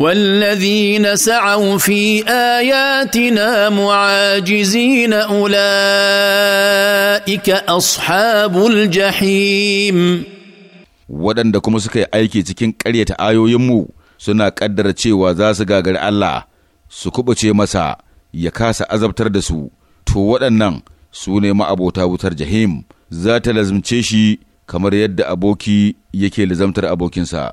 والذين سعوا في اياتنا معاجزين اولئك اصحاب الجحيم waɗanda kuma suka yi aiki cikin ƙaryata ayoyinmu suna ƙaddara cewa za su gagari Allah su kuɓace masa ya kasa azabtar da su to waɗannan su ne ma'abota wutar jahim za ta lazimce shi kamar yadda aboki yake lazamtar abokinsa